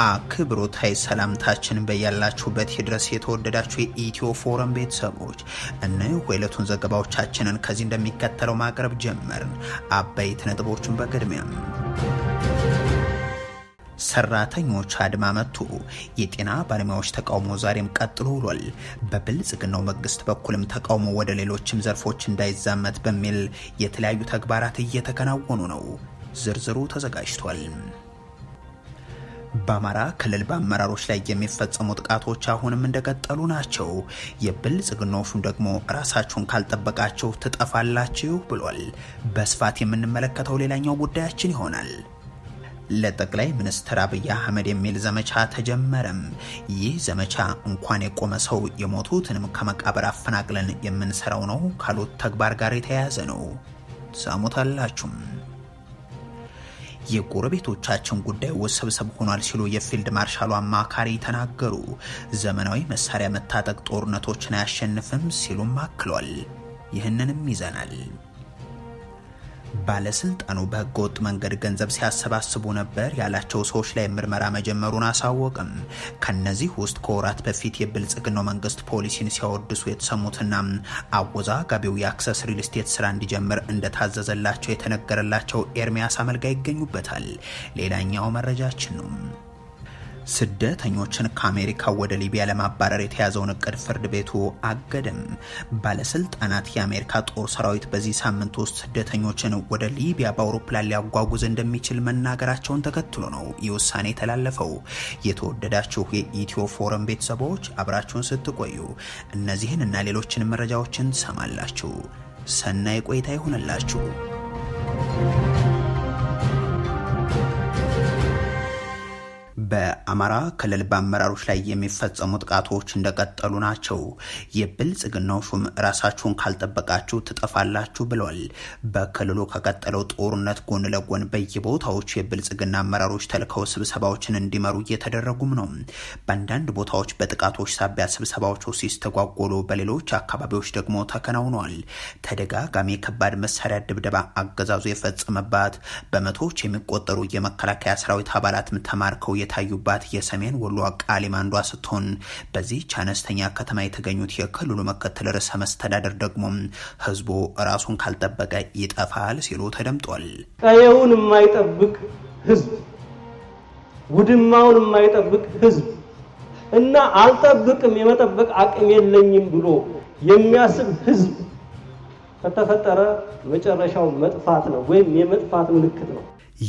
አክብሮታይ ሰላምታችን በያላችሁበት ይድረስ። የተወደዳችሁ የኢትዮ ፎረም ቤተሰቦች እነሆ የዕለቱን ዘገባዎቻችንን ከዚህ እንደሚከተለው ማቅረብ ጀመርን። አበይት ነጥቦችን በቅድሚያ ሰራተኞች አድማ መቱ። የጤና ባለሙያዎች ተቃውሞ ዛሬም ቀጥሎ ውሏል። በብልጽግናው መንግስት በኩልም ተቃውሞ ወደ ሌሎችም ዘርፎች እንዳይዛመት በሚል የተለያዩ ተግባራት እየተከናወኑ ነው። ዝርዝሩ ተዘጋጅቷል። በአማራ ክልል በአመራሮች ላይ የሚፈጸሙ ጥቃቶች አሁንም እንደቀጠሉ ናቸው። የብልጽግናዎቹን ደግሞ ራሳችሁን ካልጠበቃችሁ ትጠፋላችሁ ብሏል። በስፋት የምንመለከተው ሌላኛው ጉዳያችን ይሆናል። ለጠቅላይ ሚኒስትር አብይ አህመድ የሚል ዘመቻ ተጀመረም። ይህ ዘመቻ እንኳን የቆመ ሰው የሞቱትንም ከመቃብር አፈናቅለን የምንሰራው ነው ካሉት ተግባር ጋር የተያያዘ ነው። ሰሙታላችሁም። የጎረቤቶቻችን ጉዳይ ውስብስብ ሆኗል ሲሉ የፊልድ ማርሻሉ አማካሪ ተናገሩ። ዘመናዊ መሳሪያ መታጠቅ ጦርነቶችን አያሸንፍም ሲሉም አክሏል። ይህንንም ይዘናል። ባለስልጣኑ በህገወጥ መንገድ ገንዘብ ሲያሰባስቡ ነበር ያላቸው ሰዎች ላይ ምርመራ መጀመሩን አሳወቅም። ከነዚህ ውስጥ ከወራት በፊት የብልጽግናው መንግስት ፖሊሲን ሲያወድሱ የተሰሙትና አወዛጋቢው የአክሰስ ሪል ስቴት ስራ እንዲጀምር እንደታዘዘላቸው የተነገረላቸው ኤርሚያስ አመልጋ ይገኙበታል። ሌላኛው መረጃችን ነው። ስደተኞችን ከአሜሪካ ወደ ሊቢያ ለማባረር የተያዘውን እቅድ ፍርድ ቤቱ አገድም። ባለስልጣናት የአሜሪካ ጦር ሰራዊት በዚህ ሳምንት ውስጥ ስደተኞችን ወደ ሊቢያ በአውሮፕላን ሊያጓጉዝ እንደሚችል መናገራቸውን ተከትሎ ነው ይህ ውሳኔ የተላለፈው። የተወደዳችሁ የኢትዮ ፎረም ቤተሰቦች አብራችሁን ስትቆዩ እነዚህን እና ሌሎችን መረጃዎችን ሰማላችሁ። ሰናይ ቆይታ ይሆንላችሁ። በአማራ ክልል በአመራሮች ላይ የሚፈጸሙ ጥቃቶች እንደቀጠሉ ናቸው። የብልጽግናው ሹም ራሳችሁን ካልጠበቃችሁ ትጠፋላችሁ ብለዋል። በክልሉ ከቀጠለው ጦርነት ጎን ለጎን በየቦታዎች የብልጽግና አመራሮች ተልከው ስብሰባዎችን እንዲመሩ እየተደረጉም ነው። በአንዳንድ ቦታዎች በጥቃቶች ሳቢያ ስብሰባዎቹ ሲስተጓጎሉ፣ በሌሎች አካባቢዎች ደግሞ ተከናውነዋል። ተደጋጋሚ ከባድ መሳሪያ ድብደባ አገዛዙ የፈጸመባት በመቶዎች የሚቆጠሩ የመከላከያ ሰራዊት አባላትም ተማርከው የታ ከሚታዩባት የሰሜን ወሎ ቃሊም አንዷ ስትሆን በዚህች አነስተኛ ከተማ የተገኙት የክልሉ ምክትል ርዕሰ መስተዳደር ደግሞ ህዝቡ ራሱን ካልጠበቀ ይጠፋል ሲሉ ተደምጧል። ቀየውን የማይጠብቅ ህዝብ፣ ውድማውን የማይጠብቅ ህዝብ እና አልጠብቅም የመጠበቅ አቅም የለኝም ብሎ የሚያስብ ህዝብ ከተፈጠረ መጨረሻው መጥፋት ነው ወይም የመጥፋት ምልክት ነው።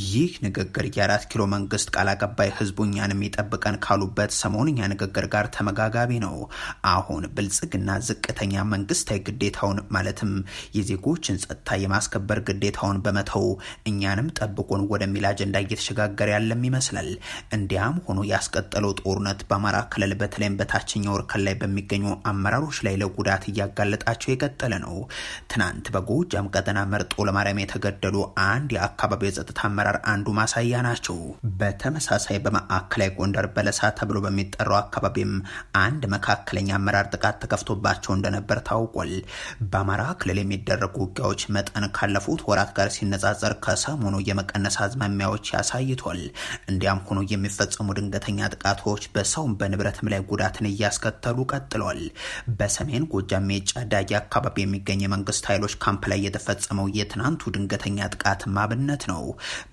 ይህ ንግግር የአራት ኪሎ መንግስት ቃል አቀባይ ህዝቡ እኛን የሚጠብቀን ካሉበት ሰሞንኛ ንግግር ጋር ተመጋጋቢ ነው። አሁን ብልጽግና ዝቅተኛ መንግስታዊ ግዴታውን ማለትም የዜጎችን ጸጥታ የማስከበር ግዴታውን በመተው እኛንም ጠብቁን ወደሚል አጀንዳ እየተሸጋገረ ያለም ይመስላል። እንዲያም ሆኖ ያስቀጠለው ጦርነት በአማራ ክልል በተለይም በታችኛው እርከን ላይ በሚገኙ አመራሮች ላይ ለጉዳት እያጋለጣቸው የቀጠለ ነው። ትናንት በጎጃም ቀጠና መርጦ ለማርያም የተገደሉ አንድ የአካባቢው የጸጥታ አመራር አንዱ ማሳያ ናቸው። በተመሳሳይ በማዕከላዊ ጎንደር በለሳ ተብሎ በሚጠራው አካባቢም አንድ መካከለኛ አመራር ጥቃት ተከፍቶባቸው እንደነበር ታውቋል። በአማራ ክልል የሚደረጉ ውጊያዎች መጠን ካለፉት ወራት ጋር ሲነጻጸር ከሰሞኑ የመቀነስ አዝማሚያዎች ያሳይቷል። እንዲያም ሆኖ የሚፈጸሙ ድንገተኛ ጥቃቶች በሰውም በንብረትም ላይ ጉዳትን እያስከተሉ ቀጥለዋል። በሰሜን ጎጃም ሜጫ ዳጊ አካባቢ የሚገኝ የመንግስት ኃይሎች ካምፕ ላይ የተፈጸመው የትናንቱ ድንገተኛ ጥቃት ማብነት ነው።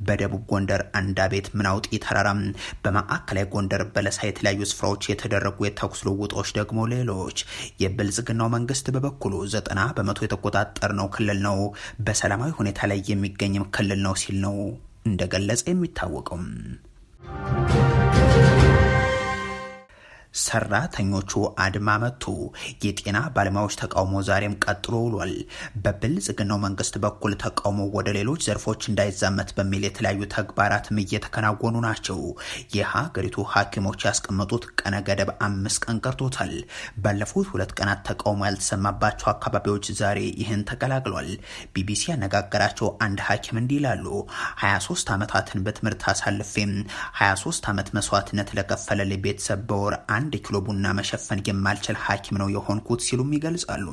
በደቡብ ጎንደር አንዳቤት ምናውጢ ተራራም፣ በማዕከላዊ ጎንደር በለሳ የተለያዩ ስፍራዎች የተደረጉ የተኩስ ልውጦች ደግሞ ሌሎች። የብልጽግናው መንግስት በበኩሉ ዘጠና በመቶ የተቆጣጠር ነው ክልል ነው በሰላማዊ ሁኔታ ላይ የሚገኝም ክልል ነው ሲል ነው እንደገለጸ የሚታወቀው። ሰራተኞቹ አድማ መቱ። የጤና ባለሙያዎች ተቃውሞ ዛሬም ቀጥሎ ውሏል። በብልጽግናው መንግስት በኩል ተቃውሞ ወደ ሌሎች ዘርፎች እንዳይዛመት በሚል የተለያዩ ተግባራትም እየተከናወኑ ናቸው። የሀገሪቱ ሐኪሞች ያስቀመጡት ቀነ ገደብ አምስት ቀን ቀርቶታል። ባለፉት ሁለት ቀናት ተቃውሞ ያልተሰማባቸው አካባቢዎች ዛሬ ይህን ተቀላቅሏል። ቢቢሲ ያነጋገራቸው አንድ ሐኪም እንዲህ ይላሉ። 23 ዓመታትን በትምህርት አሳልፌም 23 ዓመት መስዋዕትነት ለከፈለልኝ ቤተሰብ በወር አንድ ኪሎ ቡና መሸፈን የማልችል ሐኪም ነው የሆንኩት ሲሉም ይገልጻሉ።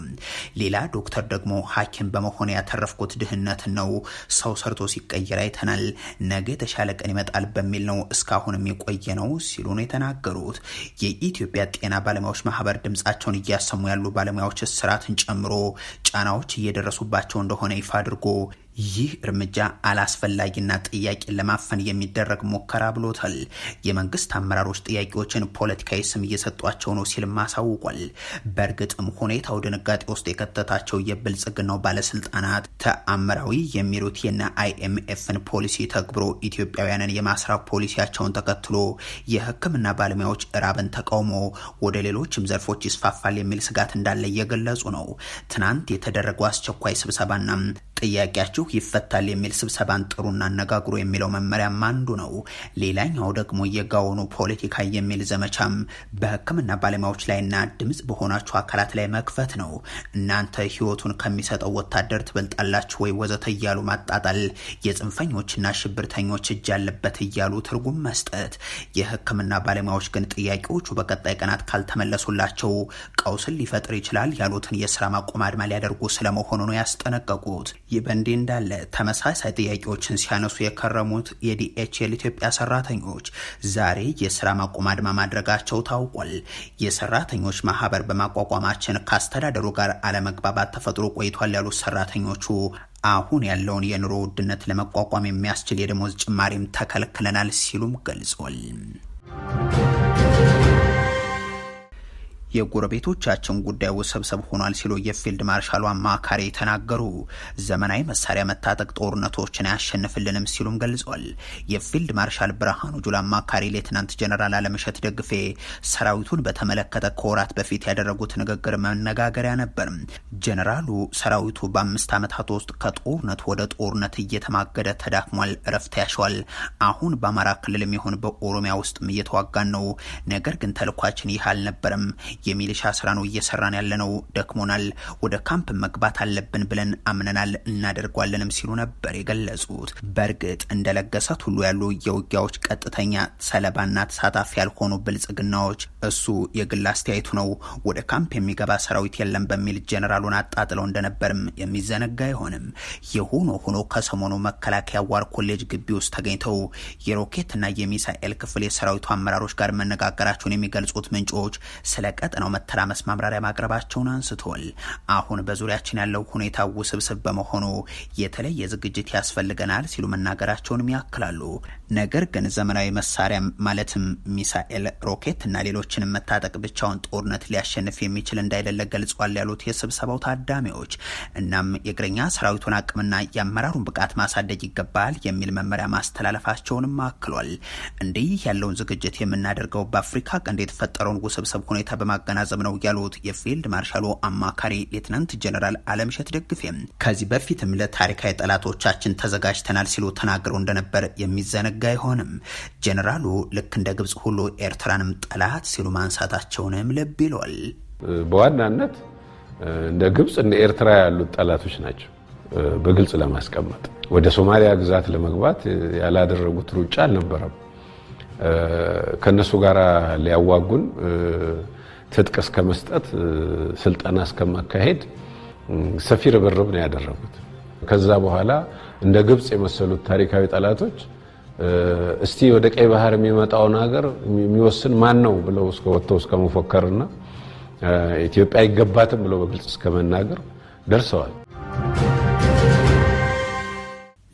ሌላ ዶክተር ደግሞ ሐኪም በመሆን ያተረፍኩት ድህነት ነው። ሰው ሰርቶ ሲቀየር አይተናል። ነገ የተሻለ ቀን ይመጣል በሚል ነው እስካሁንም የቆየ ነው ሲሉ ነው የተናገሩት። የኢትዮጵያ ጤና ባለሙያዎች ማህበር ድምጻቸውን እያሰሙ ያሉ ባለሙያዎች እስራትን ጨምሮ ጫናዎች እየደረሱባቸው እንደሆነ ይፋ አድርጎ ይህ እርምጃ አላስፈላጊና ጥያቄን ለማፈን የሚደረግ ሙከራ ብሎታል። የመንግስት አመራሮች ጥያቄዎችን ፖለቲካዊ ስም እየሰጧቸው ነው ሲልም አሳውቋል። በእርግጥም ሁኔታው ድንጋጤ ውስጥ የከተታቸው የብልጽግናው ባለስልጣናት ተአምራዊ የሚሉት የና አይኤምኤፍን ፖሊሲ ተግብሮ ኢትዮጵያውያንን የማስራብ ፖሊሲያቸውን ተከትሎ የሕክምና ባለሙያዎች ራብን ተቃውሞ ወደ ሌሎችም ዘርፎች ይስፋፋል የሚል ስጋት እንዳለ እየገለጹ ነው። ትናንት የተደረገው አስቸኳይ ስብሰባና ጥያቄያቸው በዚሁ ይፈታል የሚል ስብሰባን ጥሩና አነጋግሮ የሚለው መመሪያም አንዱ ነው። ሌላኛው ደግሞ የጋውኑ ፖለቲካ የሚል ዘመቻም በህክምና ባለሙያዎች ላይና ድምፅ በሆናቸው አካላት ላይ መክፈት ነው። እናንተ ህይወቱን ከሚሰጠው ወታደር ትበልጣላችሁ ወይ ወዘተ እያሉ ማጣጣል፣ የጽንፈኞችና ሽብርተኞች እጅ ያለበት እያሉ ትርጉም መስጠት። የህክምና ባለሙያዎች ግን ጥያቄዎቹ በቀጣይ ቀናት ካልተመለሱላቸው ቀውስን ሊፈጥር ይችላል ያሉትን የስራ ማቆም አድማ ሊያደርጉ ስለመሆኑ ነው ያስጠነቀቁት። ይህ በእንዲህ እንዳ እንዳለ ተመሳሳይ ጥያቄዎችን ሲያነሱ የከረሙት የዲኤችኤል ኢትዮጵያ ሰራተኞች ዛሬ የስራ ማቆም አድማ ማድረጋቸው ታውቋል። የሰራተኞች ማህበር በማቋቋማችን ከአስተዳደሩ ጋር አለመግባባት ተፈጥሮ ቆይቷል ያሉት ሰራተኞቹ አሁን ያለውን የኑሮ ውድነት ለመቋቋም የሚያስችል የደሞዝ ጭማሪም ተከልክለናል ሲሉም ገልጿል። የጎረቤቶቻችን ጉዳይ ውስብስብ ሆኗል ሲሉ የፊልድ ማርሻሉ አማካሪ ተናገሩ። ዘመናዊ መሳሪያ መታጠቅ ጦርነቶችን አያሸንፍልንም ሲሉም ገልጿል። የፊልድ ማርሻል ብርሃኑ ጁላ አማካሪ ሌትናንት ጀነራል አለምሸት ደግፌ ሰራዊቱን በተመለከተ ከወራት በፊት ያደረጉት ንግግር መነጋገሪያ ነበር። ጀነራሉ ሰራዊቱ በአምስት ዓመታት ውስጥ ከጦርነት ወደ ጦርነት እየተማገደ ተዳክሟል፣ እረፍት ያሸዋል። አሁን በአማራ ክልል የሚሆን በኦሮሚያ ውስጥም እየተዋጋን ነው። ነገር ግን ተልኳችን ይህ አልነበረም። የሚሊሻ ስራ ነው እየሰራን ያለ ነው። ደክሞናል። ወደ ካምፕ መግባት አለብን ብለን አምነናል። እናደርጓለንም ሲሉ ነበር የገለጹት። በእርግጥ እንደለገሰት ሁሉ ያሉ የውጊያዎች ቀጥተኛ ሰለባና ተሳታፊ ያልሆኑ ብልጽግናዎች እሱ የግል አስተያየቱ ነው ወደ ካምፕ የሚገባ ሰራዊት የለም በሚል ጀኔራሉን አጣጥለው እንደነበርም የሚዘነጋ አይሆንም። የሆኖ ሆኖ ከሰሞኑ መከላከያ ዋር ኮሌጅ ግቢ ውስጥ ተገኝተው የሮኬትና የሚሳኤል ክፍል የሰራዊቱ አመራሮች ጋር መነጋገራቸውን የሚገልጹት ምንጮች ስለ ቀጥ ነው መተራመስ ማብራሪያ ማቅረባቸውን አንስቷል። አሁን በዙሪያችን ያለው ሁኔታ ውስብስብ በመሆኑ የተለየ ዝግጅት ያስፈልገናል ሲሉ መናገራቸውንም ያክላሉ። ነገር ግን ዘመናዊ መሳሪያ ማለትም ሚሳኤል፣ ሮኬት እና ሌሎችንም መታጠቅ ብቻውን ጦርነት ሊያሸንፍ የሚችል እንዳይደለ ገልጿል ያሉት የስብሰባው ታዳሚዎች እናም የእግረኛ ሰራዊቱን አቅምና የአመራሩን ብቃት ማሳደግ ይገባል የሚል መመሪያ ማስተላለፋቸውንም አክሏል። እንዲህ ያለውን ዝግጅት የምናደርገው በአፍሪካ ቀንድ የተፈጠረውን ውስብስብ ሁኔታ በማ ለማገናዘብ ነው ያሉት የፊልድ ማርሻሉ አማካሪ ሌትናንት ጀነራል አለምሸት ደግፌ ከዚህ በፊትም ለታሪካዊ ጠላቶቻችን ተዘጋጅተናል ሲሉ ተናግረው እንደነበር የሚዘነጋ አይሆንም። ጀነራሉ ልክ እንደ ግብጽ ሁሉ ኤርትራንም ጠላት ሲሉ ማንሳታቸውንም ልብ ይሏል። በዋናነት እንደ ግብጽ እንደ ኤርትራ ያሉት ጠላቶች ናቸው። በግልጽ ለማስቀመጥ ወደ ሶማሊያ ግዛት ለመግባት ያላደረጉት ሩጫ አልነበረም። ከእነሱ ጋር ሊያዋጉን ትጥቅ እስከ መስጠት ስልጠና እስከማካሄድ ሰፊ ርብርብ ነው ያደረጉት። ከዛ በኋላ እንደ ግብፅ የመሰሉት ታሪካዊ ጠላቶች እስቲ ወደ ቀይ ባህር የሚመጣውን ሀገር የሚወስን ማን ነው ብለው ወጥተው እስከ መፎከርና ኢትዮጵያ አይገባትም ብለው በግልጽ እስከ መናገር ደርሰዋል።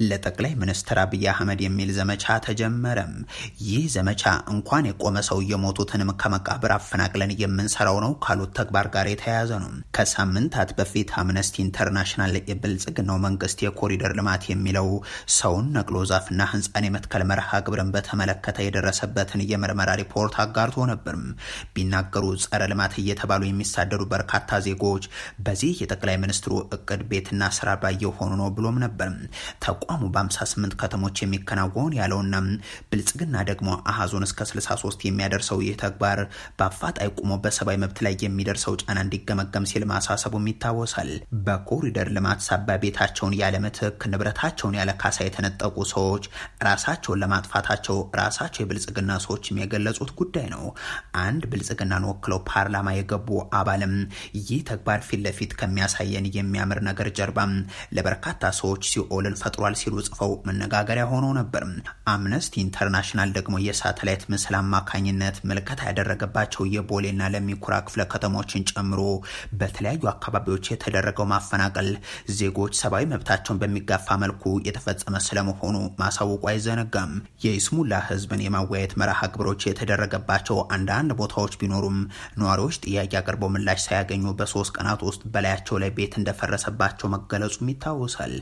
ለጠቅላይ ሚኒስትር አብይ አህመድ የሚል ዘመቻ ተጀመረም። ይህ ዘመቻ እንኳን የቆመ ሰው የሞቱትንም ከመቃብር አፈናቅለን የምንሰራው ነው ካሉት ተግባር ጋር የተያያዘ ነው። ከሳምንታት በፊት አምነስቲ ኢንተርናሽናል የብልጽግናው መንግስት የኮሪደር ልማት የሚለው ሰውን ነቅሎ ዛፍና ህንፃን የመትከል መርሃ ግብርን በተመለከተ የደረሰበትን የምርመራ ሪፖርት አጋርቶ ነበር። ቢናገሩ ጸረ ልማት እየተባሉ የሚሳደዱ በርካታ ዜጎች በዚህ የጠቅላይ ሚኒስትሩ እቅድ ቤትና ስራ ባየሆኑ ነው ብሎም ነበር። ተቋሙ በ58 ከተሞች የሚከናወን ያለውና ብልጽግና ደግሞ አሃዞን እስከ 63 የሚያደርሰው ይህ ተግባር በአፋጣኝ ቁሞ በሰብአዊ መብት ላይ የሚደርሰው ጫና እንዲገመገም ሲል ማሳሰቡም ይታወሳል። በኮሪደር ልማት ሳቢያ ቤታቸውን ያለ ምትክ ንብረታቸውን ያለ ካሳ የተነጠቁ ሰዎች ራሳቸውን ለማጥፋታቸው ራሳቸው የብልጽግና ሰዎችም የገለጹት ጉዳይ ነው። አንድ ብልጽግናን ወክለው ፓርላማ የገቡ አባልም ይህ ተግባር ፊት ለፊት ከሚያሳየን የሚያምር ነገር ጀርባ ለበርካታ ሰዎች ሲኦልን ፈጥሯል ሲሉ ጽፈው መነጋገሪያ ሆኖ ነበር። አምነስቲ ኢንተርናሽናል ደግሞ የሳተላይት ምስል አማካኝነት ምልከታ ያደረገባቸው የቦሌና ለሚኩራ ክፍለ ከተሞችን ጨምሮ በተለያዩ አካባቢዎች የተደረገው ማፈናቀል ዜጎች ሰብአዊ መብታቸውን በሚጋፋ መልኩ የተፈጸመ ስለመሆኑ ማሳወቁ አይዘነጋም። የይስሙላ ህዝብን የማወያየት መርሃ ግብሮች የተደረገባቸው አንዳንድ ቦታዎች ቢኖሩም ነዋሪዎች ጥያቄ አቅርበው ምላሽ ሳያገኙ በሶስት ቀናት ውስጥ በላያቸው ላይ ቤት እንደፈረሰባቸው መገለጹም ይታወሳል።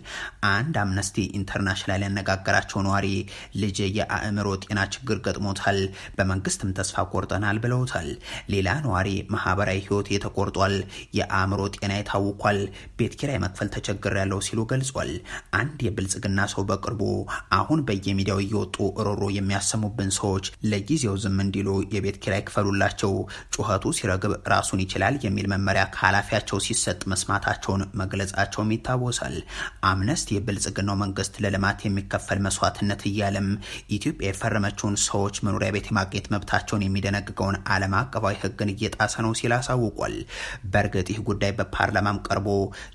አንድ አምነስቲ አምነስቲ ኢንተርናሽናል ያነጋገራቸው ነዋሪ ልጅ የአእምሮ ጤና ችግር ገጥሞታል፣ በመንግስትም ተስፋ ቆርጠናል ብለውታል። ሌላ ነዋሪ ማህበራዊ ህይወት የተቆርጧል፣ የአእምሮ ጤና የታውኳል፣ ቤት ኪራይ መክፈል ተቸግር ያለው ሲሉ ገልጿል። አንድ የብልጽግና ሰው በቅርቡ አሁን በየሚዲያው እየወጡ ሮሮ የሚያሰሙብን ሰዎች ለጊዜው ዝም እንዲሉ የቤት ኪራይ ክፈሉላቸው፣ ጩኸቱ ሲረግብ ራሱን ይችላል የሚል መመሪያ ከኃላፊያቸው ሲሰጥ መስማታቸውን መግለጻቸውም ይታወሳል። አምነስቲ የብልጽግናው መንግስት ለልማት የሚከፈል መስዋዕትነት እያለም ኢትዮጵያ የፈረመችውን ሰዎች መኖሪያ ቤት የማግኘት መብታቸውን የሚደነግገውን ዓለም አቀፋዊ ህግን እየጣሰ ነው ሲል አሳውቋል። በእርግጥ ይህ ጉዳይ በፓርላማም ቀርቦ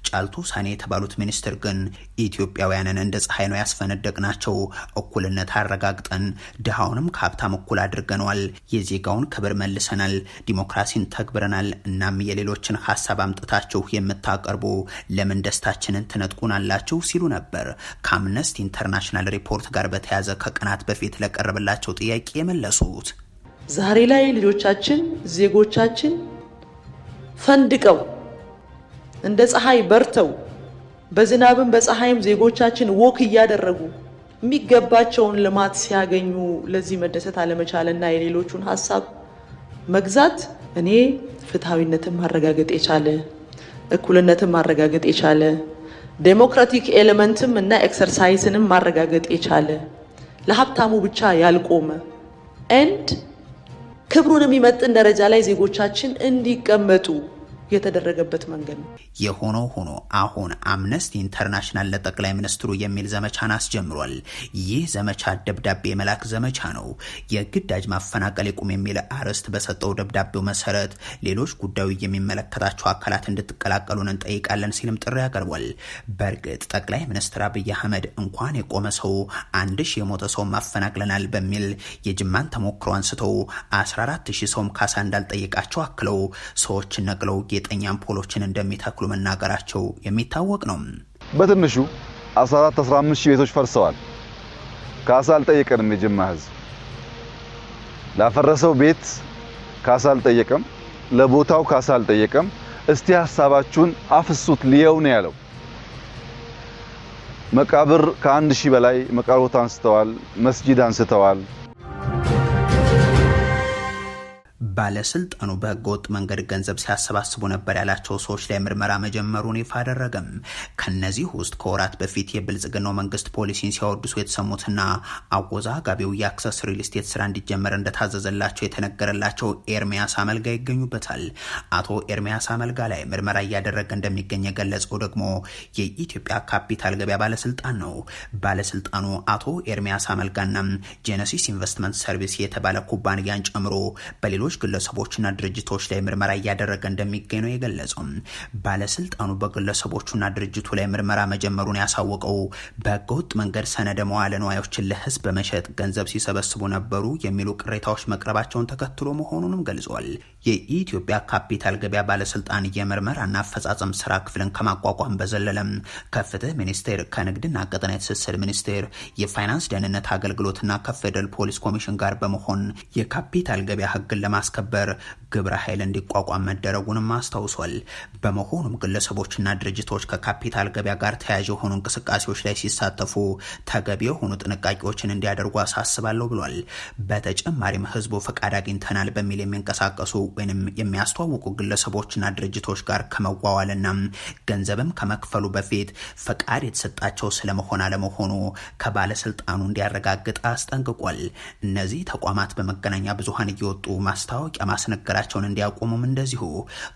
ጫልቱ ሳኔ የተባሉት ሚኒስትር ግን ኢትዮጵያውያንን እንደ ፀሐይ ነው ያስፈነደቅናቸው፣ እኩልነት አረጋግጠን ድሃውንም ከሀብታም እኩል አድርገነዋል፣ የዜጋውን ክብር መልሰናል፣ ዲሞክራሲን ተግብረናል። እናም የሌሎችን ሀሳብ አምጥታችሁ የምታቀርቡ ለምን ደስታችንን ትነጥቁናላችሁ ሲሉ ነበር። ከአምነስቲ ኢንተርናሽናል ሪፖርት ጋር በተያያዘ ከቀናት በፊት ለቀረበላቸው ጥያቄ የመለሱት ዛሬ ላይ ልጆቻችን ዜጎቻችን ፈንድቀው እንደ ፀሐይ በርተው በዝናብም በፀሐይም ዜጎቻችን ወክ እያደረጉ የሚገባቸውን ልማት ሲያገኙ ለዚህ መደሰት አለመቻልና የሌሎቹን ሀሳብ መግዛት እኔ ፍትሐዊነትን ማረጋገጥ የቻለ እኩልነትን ማረጋገጥ የቻለ ዴሞክራቲክ ኤሌመንትም እና ኤክሰርሳይስንም ማረጋገጥ የቻለ ለሀብታሙ ብቻ ያልቆመ ኤንድ ክብሩን የሚመጥን ደረጃ ላይ ዜጎቻችን እንዲቀመጡ የተደረገበት መንገድ ነው። የሆኖ ሆኖ አሁን አምነስቲ ኢንተርናሽናል ለጠቅላይ ሚኒስትሩ የሚል ዘመቻን አስጀምሯል። ይህ ዘመቻ ደብዳቤ የመላክ ዘመቻ ነው። የግዳጅ ማፈናቀል ይቁም የሚል አርዕስት በሰጠው ደብዳቤው መሰረት ሌሎች ጉዳዩ የሚመለከታቸው አካላት እንድትቀላቀሉን እንጠይቃለን ሲልም ጥሪ ያቀርቧል። በእርግጥ ጠቅላይ ሚኒስትር አብይ አህመድ እንኳን የቆመ ሰው አንድ ሺህ የሞተ ሰው ማፈናቅለናል በሚል የጅማን ተሞክሮ አንስተው 14 ሺህ ሰውም ካሳ እንዳልጠየቃቸው አክለው ሰዎች ነቅለው ጌ ዘጠኝ አምፖሎችን እንደሚተክሉ መናገራቸው የሚታወቅ ነው። በትንሹ 14 15 ሺህ ቤቶች ፈርሰዋል። ካሳ አልጠየቀንም። የጅማ ህዝብ ላፈረሰው ቤት ካሳ አልጠየቀም። ለቦታው ካሳ አልጠየቀም። እስቲ ሀሳባችሁን አፍሱት ሊየው ነው ያለው። መቃብር ከአንድ ሺህ በላይ መቃብር ቦታ አንስተዋል። መስጂድ አንስተዋል። ባለስልጣኑ በህገወጥ መንገድ ገንዘብ ሲያሰባስቡ ነበር ያላቸው ሰዎች ላይ ምርመራ መጀመሩን ይፋ አደረገም። ከነዚህ ውስጥ ከወራት በፊት የብልጽግናው መንግስት ፖሊሲን ሲያወድሱ የተሰሙትና አወዛጋቢው የአክሰስ ሪል ስቴት ስራ እንዲጀመር እንደታዘዘላቸው የተነገረላቸው ኤርሚያስ አመልጋ ይገኙበታል። አቶ ኤርሚያስ አመልጋ ላይ ምርመራ እያደረገ እንደሚገኝ የገለጸው ደግሞ የኢትዮጵያ ካፒታል ገበያ ባለስልጣን ነው። ባለስልጣኑ አቶ ኤርሚያስ አመልጋና ጄነሲስ ኢንቨስትመንት ሰርቪስ የተባለ ኩባንያን ጨምሮ በሌሎች ግለሰቦችና ድርጅቶች ላይ ምርመራ እያደረገ እንደሚገኝ ነው የገለጸው። ባለስልጣኑ በግለሰቦቹና ድርጅቱ ላይ ምርመራ መጀመሩን ያሳወቀው በህገወጥ መንገድ ሰነደ መዋለ ንዋዮችን ለህዝብ በመሸጥ ገንዘብ ሲሰበስቡ ነበሩ የሚሉ ቅሬታዎች መቅረባቸውን ተከትሎ መሆኑንም ገልጿል። የኢትዮጵያ ካፒታል ገበያ ባለስልጣን የምርመራና አፈጻጸም ስራ ክፍልን ከማቋቋም በዘለለም ከፍትህ ሚኒስቴር፣ ከንግድና ቀጠና ትስስር ሚኒስቴር፣ የፋይናንስ ደህንነት አገልግሎትና ከፌደራል ፖሊስ ኮሚሽን ጋር በመሆን የካፒታል ገበያ ህግን ለማስ ማስከበር ግብረ ኃይል እንዲቋቋም መደረጉንም አስታውሷል። በመሆኑም ግለሰቦችና ድርጅቶች ከካፒታል ገበያ ጋር ተያያዥ የሆኑ እንቅስቃሴዎች ላይ ሲሳተፉ ተገቢ የሆኑ ጥንቃቄዎችን እንዲያደርጉ አሳስባለሁ ብሏል። በተጨማሪም ህዝቡ ፈቃድ አግኝተናል በሚል የሚንቀሳቀሱ ወይም የሚያስተዋውቁ ግለሰቦችና ድርጅቶች ጋር ከመዋዋልና ገንዘብም ከመክፈሉ በፊት ፈቃድ የተሰጣቸው ስለመሆን አለመሆኑ ከባለስልጣኑ እንዲያረጋግጥ አስጠንቅቋል። እነዚህ ተቋማት በመገናኛ ብዙሀን እየወጡ ማስታወ ማስታወቂያ ማስነገራቸውን እንዲያቆሙም እንደዚሁ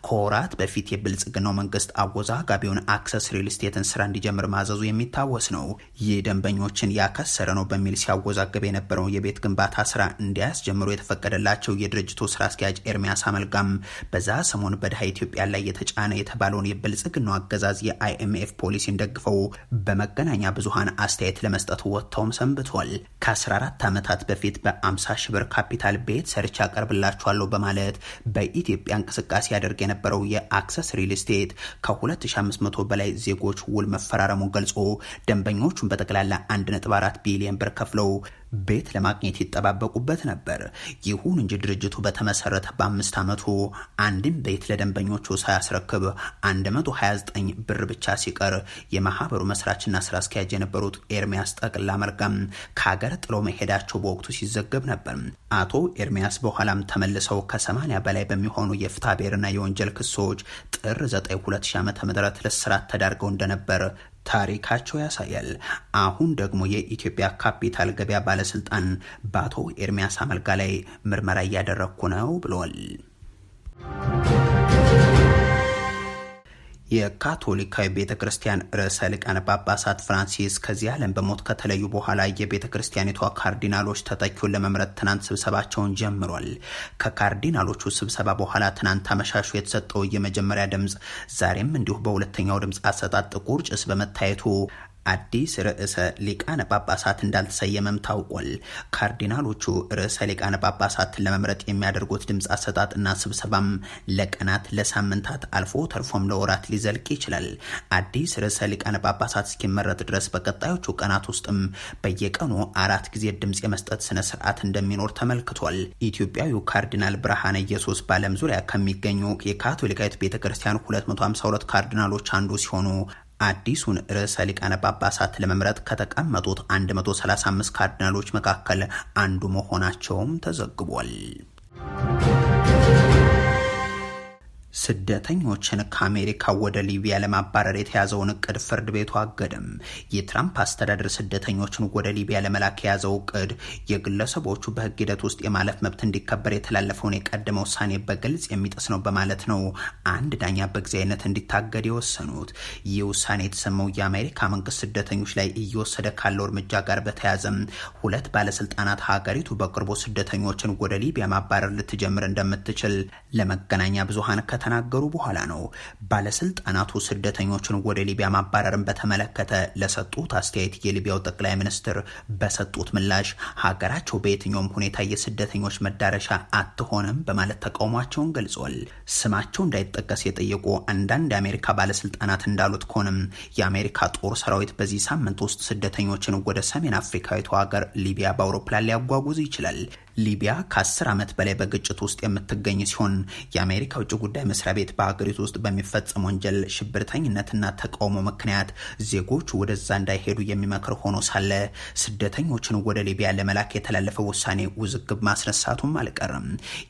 ከወራት በፊት የብልጽግናው መንግስት አወዛጋቢውን አክሰስ ሪል ስቴትን ስራ እንዲጀምር ማዘዙ የሚታወስ ነው። ይህ ደንበኞችን ያከሰረ ነው በሚል ሲያወዛገብ የነበረው የቤት ግንባታ ስራ እንዲያስጀምሩ የተፈቀደላቸው የድርጅቱ ስራ አስኪያጅ ኤርሚያስ አመልጋም በዛ ሰሞን በድሃ ኢትዮጵያ ላይ የተጫነ የተባለውን የብልጽግናው አገዛዝ የአይኤምኤፍ ፖሊሲን ደግፈው በመገናኛ ብዙሃን አስተያየት ለመስጠት ወጥተውም ሰንብቷል። ከ14 ዓመታት በፊት በ50 ሺ ብር ካፒታል ቤት ሰርቻ ያቀርብላችኋል እሰራለሁ በማለት በኢትዮጵያ እንቅስቃሴ ያደርግ የነበረው የአክሰስ ሪል ስቴት ከ2500 በላይ ዜጎች ውል መፈራረሙን ገልጾ ደንበኞቹን በጠቅላላ 1.4 ቢሊዮን ብር ከፍለው ቤት ለማግኘት ይጠባበቁበት ነበር። ይሁን እንጂ ድርጅቱ በተመሰረተ በአምስት ዓመቱ አንድም ቤት ለደንበኞቹ ሳያስረክብ 129 ብር ብቻ ሲቀር የማህበሩ መስራችና ስራ አስኪያጅ የነበሩት ኤርሚያስ ጠቅላ መልካም ከሀገር ጥለው መሄዳቸው በወቅቱ ሲዘገብ ነበር። አቶ ኤርሚያስ በኋላም ተመልሰው ከ80 በላይ በሚሆኑ የፍትሐ ብሔርና የወንጀል ክሶች ጥር 9 2000 ዓ ም ለስራት ተዳርገው እንደነበር ታሪካቸው ያሳያል። አሁን ደግሞ የኢትዮጵያ ካፒታል ገበያ ባለስልጣን በአቶ ኤርሚያስ አመልጋ ላይ ምርመራ እያደረግኩ ነው ብሏል። የካቶሊካዊ ቤተ ክርስቲያን ርዕሰ ሊቃነ ጳጳሳት ፍራንሲስ ከዚህ ዓለም በሞት ከተለዩ በኋላ የቤተ ክርስቲያኒቷ ካርዲናሎች ተተኪውን ለመምረጥ ትናንት ስብሰባቸውን ጀምሯል። ከካርዲናሎቹ ስብሰባ በኋላ ትናንት አመሻሹ የተሰጠው የመጀመሪያ ድምፅ ዛሬም እንዲሁ በሁለተኛው ድምፅ አሰጣጥ ጥቁር ጭስ በመታየቱ አዲስ ርዕሰ ሊቃነ ጳጳሳት እንዳልተሰየመም ታውቋል። ካርዲናሎቹ ርዕሰ ሊቃነ ጳጳሳትን ለመምረጥ የሚያደርጉት ድምፅ አሰጣጥና ስብሰባም ለቀናት ለሳምንታት፣ አልፎ ተርፎም ለወራት ሊዘልቅ ይችላል። አዲስ ርዕሰ ሊቃነ ጳጳሳት እስኪመረጥ ድረስ በቀጣዮቹ ቀናት ውስጥም በየቀኑ አራት ጊዜ ድምፅ የመስጠት ስነ ስርዓት እንደሚኖር ተመልክቷል። ኢትዮጵያዊው ካርዲናል ብርሃነ ኢየሱስ በዓለም ዙሪያ ከሚገኙ የካቶሊካዊት ቤተክርስቲያን 252 ካርዲናሎች አንዱ ሲሆኑ አዲሱን ርዕሰ ሊቃነ ጳጳሳት ለመምረጥ ከተቀመጡት 135 ካርዲናሎች መካከል አንዱ መሆናቸውም ተዘግቧል። ስደተኞችን ከአሜሪካ ወደ ሊቢያ ለማባረር የተያዘውን እቅድ ፍርድ ቤቱ አገደም። የትራምፕ አስተዳደር ስደተኞችን ወደ ሊቢያ ለመላክ የያዘው እቅድ የግለሰቦቹ በህግ ሂደት ውስጥ የማለፍ መብት እንዲከበር የተላለፈውን የቀደመ ውሳኔ በግልጽ የሚጥስ ነው በማለት ነው አንድ ዳኛ በጊዜያዊነት እንዲታገድ የወሰኑት። ይህ ውሳኔ የተሰማው የአሜሪካ መንግስት ስደተኞች ላይ እየወሰደ ካለው እርምጃ ጋር በተያዘም ሁለት ባለስልጣናት ሀገሪቱ በቅርቡ ስደተኞችን ወደ ሊቢያ ማባረር ልትጀምር እንደምትችል ለመገናኛ ብዙሀን ከተ ከተናገሩ በኋላ ነው ባለስልጣናቱ ስደተኞችን ወደ ሊቢያ ማባረርን በተመለከተ ለሰጡት አስተያየት የሊቢያው ጠቅላይ ሚኒስትር በሰጡት ምላሽ ሀገራቸው በየትኛውም ሁኔታ የስደተኞች መዳረሻ አትሆንም በማለት ተቃውሟቸውን ገልጿል። ስማቸው እንዳይጠቀስ የጠየቁ አንዳንድ የአሜሪካ ባለስልጣናት እንዳሉት ከሆነም የአሜሪካ ጦር ሰራዊት በዚህ ሳምንት ውስጥ ስደተኞችን ወደ ሰሜን አፍሪካዊቱ ሀገር ሊቢያ በአውሮፕላን ሊያጓጉዝ ይችላል። ሊቢያ ከአስር ዓመት በላይ በግጭት ውስጥ የምትገኝ ሲሆን የአሜሪካ ውጭ ጉዳይ መስሪያ ቤት በሀገሪቱ ውስጥ በሚፈጸም ወንጀል ሽብርተኝነትና ተቃውሞ ምክንያት ዜጎች ወደዛ እንዳይሄዱ የሚመክር ሆኖ ሳለ ስደተኞችን ወደ ሊቢያ ለመላክ የተላለፈ ውሳኔ ውዝግብ ማስነሳቱም አልቀርም።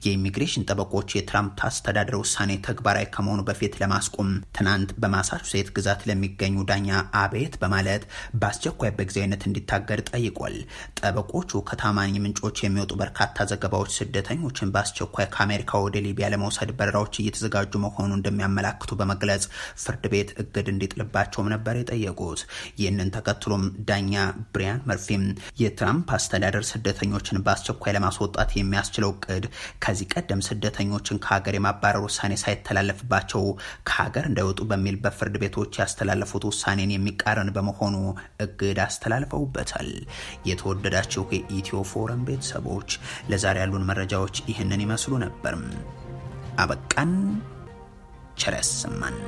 የኢሚግሬሽን ጠበቆች የትራምፕ አስተዳደር ውሳኔ ተግባራዊ ከመሆኑ በፊት ለማስቆም ትናንት በማሳቹሴት ግዛት ለሚገኙ ዳኛ አቤት በማለት በአስቸኳይ በጊዜያዊነት እንዲታገድ ጠይቋል። ጠበቆቹ ከታማኝ ምንጮች የሚወጡ በርካታ በርካታ ዘገባዎች ስደተኞችን በአስቸኳይ ከአሜሪካ ወደ ሊቢያ ለመውሰድ በረራዎች እየተዘጋጁ መሆኑ እንደሚያመላክቱ በመግለጽ ፍርድ ቤት እግድ እንዲጥልባቸውም ነበር የጠየቁት። ይህንን ተከትሎም ዳኛ ብሪያን መርፊም የትራምፕ አስተዳደር ስደተኞችን በአስቸኳይ ለማስወጣት የሚያስችለው እቅድ ከዚህ ቀደም ስደተኞችን ከሀገር የማባረር ውሳኔ ሳይተላለፍባቸው ከሀገር እንዳይወጡ በሚል በፍርድ ቤቶች ያስተላለፉት ውሳኔን የሚቃረን በመሆኑ እግድ አስተላልፈውበታል። የተወደዳቸው የኢትዮ ፎረም ቤተሰቦች ለዛሬ ያሉን መረጃዎች ይህንን ይመስሉ ነበር። አበቃን። ቸር ያሰማን።